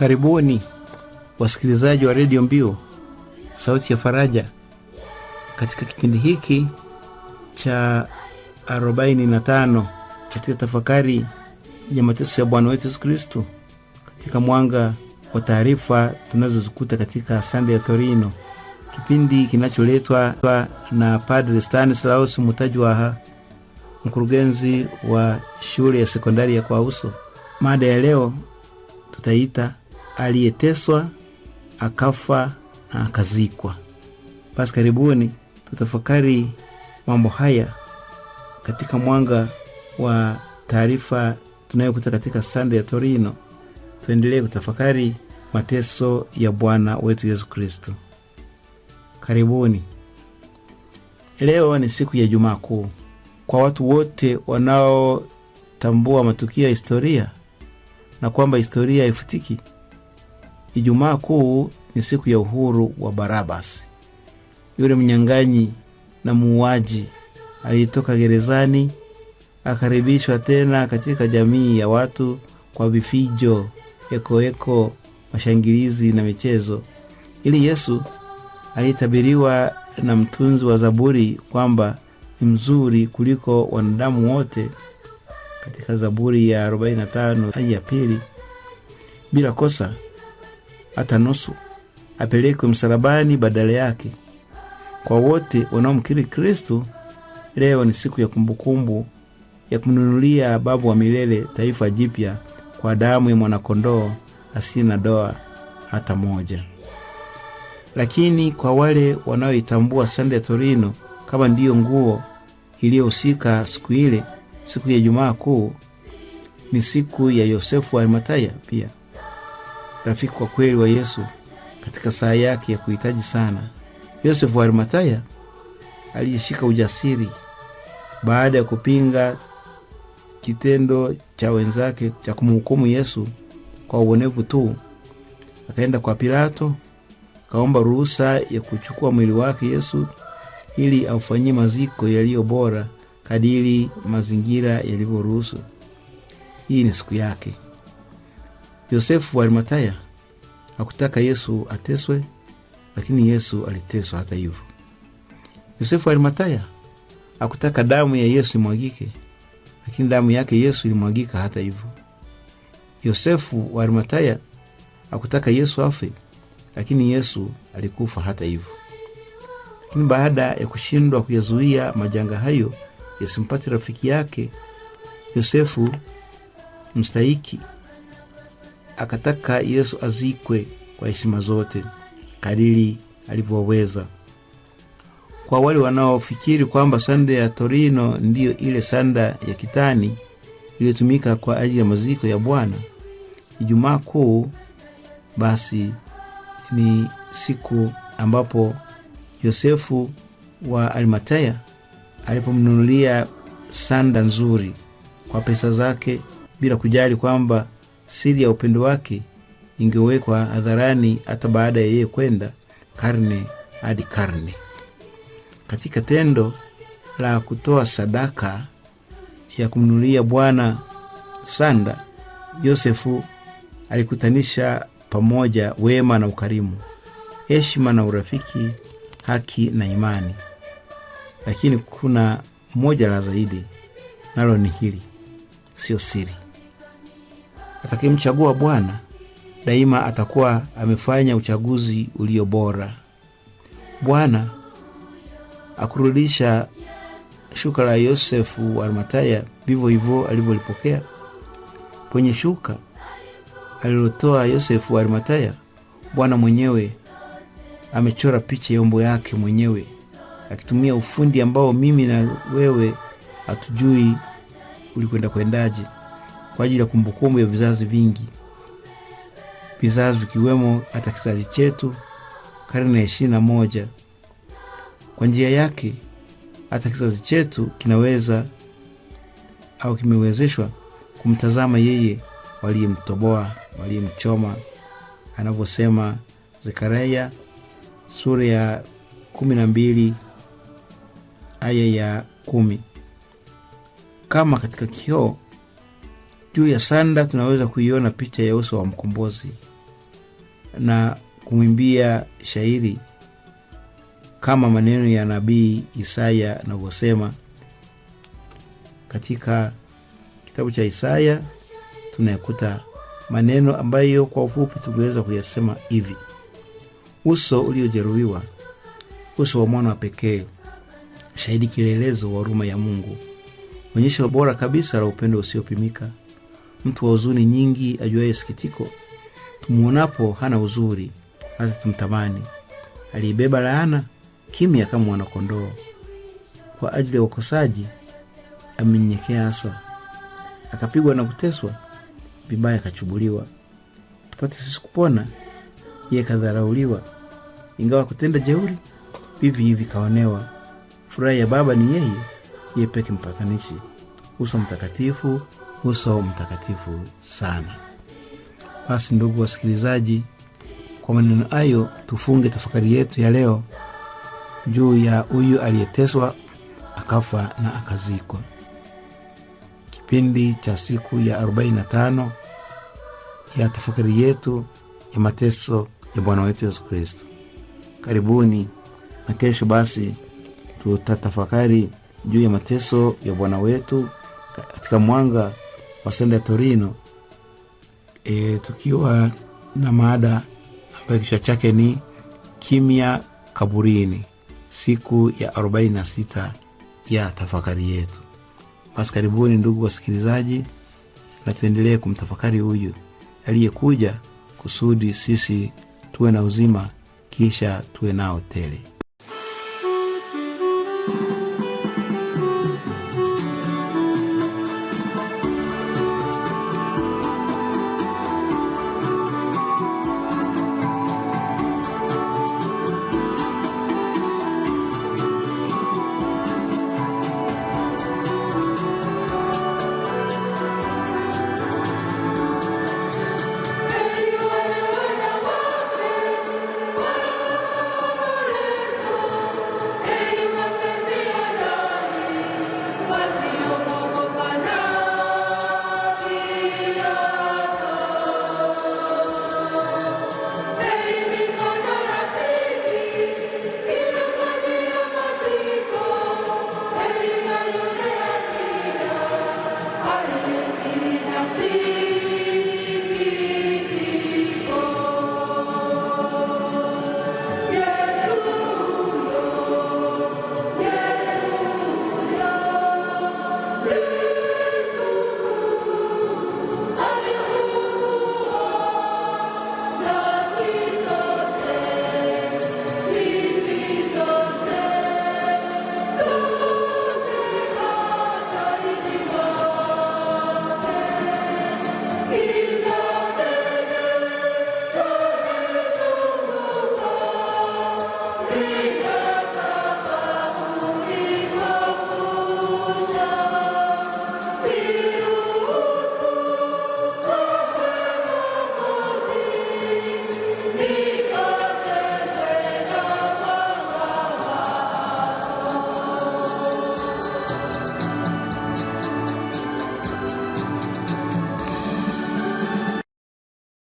Karibuni wasikilizaji wa redio Mbiu sauti ya faraja, katika kipindi hiki cha 45 katika tafakari ya mateso ya Bwana wetu Yesu Kristu katika mwanga wa taarifa tunazozikuta katika Sande ya Torino, kipindi kinacholetwa na Padre Stanislaus Mutajwaha, mkurugenzi wa shule ya sekondari ya Kwauso. Mada ya leo tutaita aliyeteswa akafa na akazikwa. Basi karibuni tutafakari mambo haya katika mwanga wa taarifa tunayokuta katika Sande ya Torino. Tuendelee kutafakari mateso ya Bwana wetu Yesu Kristo. Karibuni. Leo ni siku ya Jumaa Kuu. Kwa watu wote wanaotambua matukio ya historia na kwamba historia haifutiki, Ijumaa Kuu ni siku ya uhuru wa Barabasi, yule mnyang'anyi na muuaji aliyetoka gerezani, akaribishwa tena katika jamii ya watu kwa vifijo, ekoeko, mashangilizi na michezo, ili Yesu aliyetabiriwa na mtunzi wa Zaburi kwamba ni mzuri kuliko wanadamu wote katika Zaburi ya 45 aya ya pili bila kosa hata nusu apelekwe msalabani badala yake. Kwa wote wanaomkiri Kristo, leo ni siku ya kumbukumbu ya kumnunulia babu wa milele taifa jipya kwa damu ya mwanakondoo asiye na doa hata moja. Lakini kwa wale wanaoitambua sanda ya Torino kama ndiyo nguo iliyohusika siku ile, siku ya Jumaa Kuu ni siku ya Yosefu wa Arimataya pia rafiki kwa kweli wa Yesu katika saa yake ya kuhitaji sana. Yosefu wa Arimataya aliyeshika ujasiri baada ya kupinga kitendo cha wenzake cha kumhukumu Yesu kwa uonevu tu, akaenda kwa Pilato kaomba ruhusa ya kuchukua mwili wake Yesu ili aufanyie maziko yaliyo bora kadiri mazingira yalivyoruhusu. Hii ni siku yake. Yosefu wa arimataya hakutaka Yesu ateswe, lakini Yesu aliteswa hata hivyo. Yosefu wa arimataya hakutaka damu ya Yesu imwagike, lakini damu yake Yesu ilimwagika hata hivyo. Yosefu wa arimataya hakutaka Yesu afe, lakini Yesu alikufa hata hivyo. Lakini baada ya kushindwa kuyazuia majanga hayo yasimpate rafiki yake Yosefu mstahiki akataka Yesu azikwe kwa heshima zote kadiri alivyoweza. Kwa wale wanaofikiri kwamba sanda ya Torino ndiyo ile sanda ya kitani iliyotumika kwa ajili ya maziko ya Bwana Ijumaa Kuu, basi ni siku ambapo Yosefu wa Arimatea alipomnunulia sanda nzuri kwa pesa zake bila kujali kwamba siri ya upendo wake ingewekwa hadharani hata baada ya yeye kwenda karne hadi karne. Katika tendo la kutoa sadaka ya kumnunulia Bwana sanda, Yosefu alikutanisha pamoja wema na ukarimu, heshima na urafiki, haki na imani. Lakini kuna moja la zaidi, nalo ni hili: sio siri atakayemchagua Bwana daima atakuwa amefanya uchaguzi ulio bora. Bwana akurudisha shuka la Yosefu wa Arimataya vivyo hivyo alivyolipokea. Kwenye shuka alilotoa Yosefu wa Arimataya, Bwana mwenyewe amechora picha yombo yake mwenyewe akitumia ufundi ambao mimi na wewe hatujui ulikwenda kwendaje kwa ajili ya kumbukumbu ya vizazi vingi, vizazi vikiwemo hata kizazi chetu, karne ya ishirini na moja. Kwa njia yake hata kizazi chetu kinaweza au kimewezeshwa kumtazama yeye waliyemtoboa, waliyemchoma, anavyosema Zekaria sura ya kumi na mbili aya ya kumi kama katika kioo juu ya sanda tunaweza kuiona picha ya uso wa mkombozi na kumwimbia shairi kama maneno ya nabii Isaya anavyosema katika kitabu cha Isaya tunayakuta maneno ambayo kwa ufupi tungeweza kuyasema hivi: uso uliojeruhiwa, uso wa mwana wa pekee, shahidi, kielelezo wa huruma ya Mungu, onyesho bora kabisa la upendo usiopimika, mtu wa huzuni nyingi ajuaye sikitiko, tumuonapo hana uzuri hata tumtamani. Aliibeba laana kimya kama mwanakondoo, kwa ajili ya wakosaji amenyenyekea hasa, akapigwa na kuteswa vibaya, akachubuliwa tupate sisi kupona. ye kadharauliwa, ingawa kutenda jeuri vivi hivi kaonewa. Furaha ya Baba ni yeye, ye peke mpatanishi, uso mtakatifu uso mtakatifu sana. Basi ndugu wasikilizaji, kwa maneno hayo tufunge tafakari yetu ya leo juu ya huyu aliyeteswa akafa na akazikwa. Kipindi cha siku ya 45 ya tafakari yetu ya mateso ya Bwana wetu Yesu Kristo. Karibuni na kesho basi tutatafakari juu ya mateso ya Bwana wetu katika mwanga ya Torino e, tukiwa na mada ambayo kichwa chake ni kimya kaburini, siku ya 46 ya tafakari yetu. Basi karibuni ndugu wasikilizaji, na tuendelee kumtafakari huyu aliyekuja kusudi sisi tuwe na uzima kisha tuwe nao tele.